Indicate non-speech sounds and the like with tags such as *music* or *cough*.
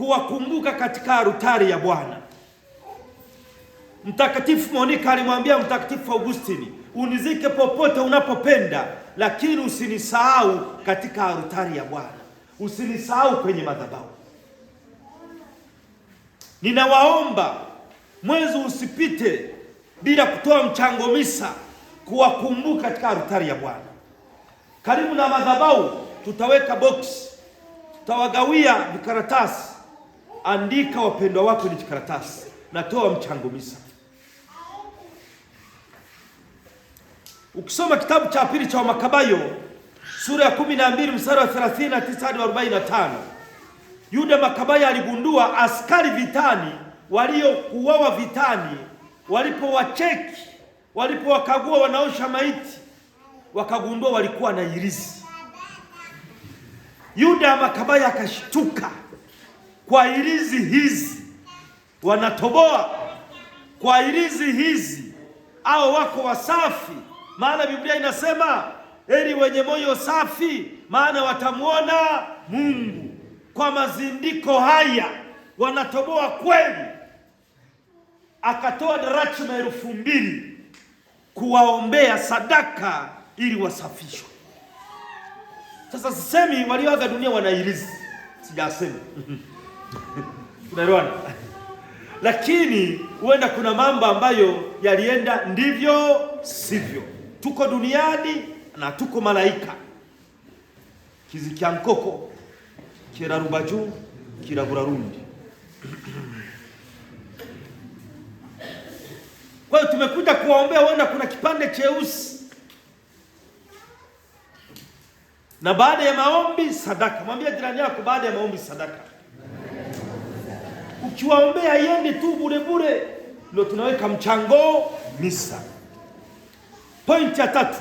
kuwakumbuka katika arutari ya Bwana. Mtakatifu Monika alimwambia Mtakatifu Augustini, unizike popote unapopenda, lakini usinisahau katika arutari ya Bwana, usinisahau kwenye madhabahu. Ninawaomba mwezi usipite bila kutoa mchango misa kuwakumbuka katika arutari ya Bwana. Karibu na madhabahu tutaweka boksi, tutawagawia vikaratasi andika wapendwa wako kwenye karatasi na toa mchango misa. Ukisoma kitabu cha pili cha Wamakabayo sura ya kumi na mbili mstari wa 39 hadi 45, Yuda Makabayo aligundua askari vitani waliokuwawa vitani walipowacheki, walipowakagua wanaosha maiti, wakagundua walikuwa na irizi. Yuda Makabayo akashtuka kwa ilizi hizi wanatoboa kwa ilizi hizi, au wako wasafi, maana Biblia inasema heri wenye moyo safi, maana watamwona Mungu. Kwa mazindiko haya wanatoboa kweli. Akatoa darachima elfu mbili kuwaombea sadaka ili wasafishwe. Sasa sisemi walioaga dunia wanailizi sijasema *laughs* *laughs* unaelewana? Lakini huenda kuna mambo ambayo yalienda ndivyo sivyo. Tuko duniani na tuko malaika, kizikya nkoko kerarubaju kiragurarundi. Kwa hiyo tumekuja kuwaombea, huenda kuna kipande cheusi, na baada ya maombi sadaka. Mwambie jirani yako, baada ya maombi sadaka. Ukiwaombea iende tu bure bure, ndio tunaweka mchango misa. Pointi ya tatu.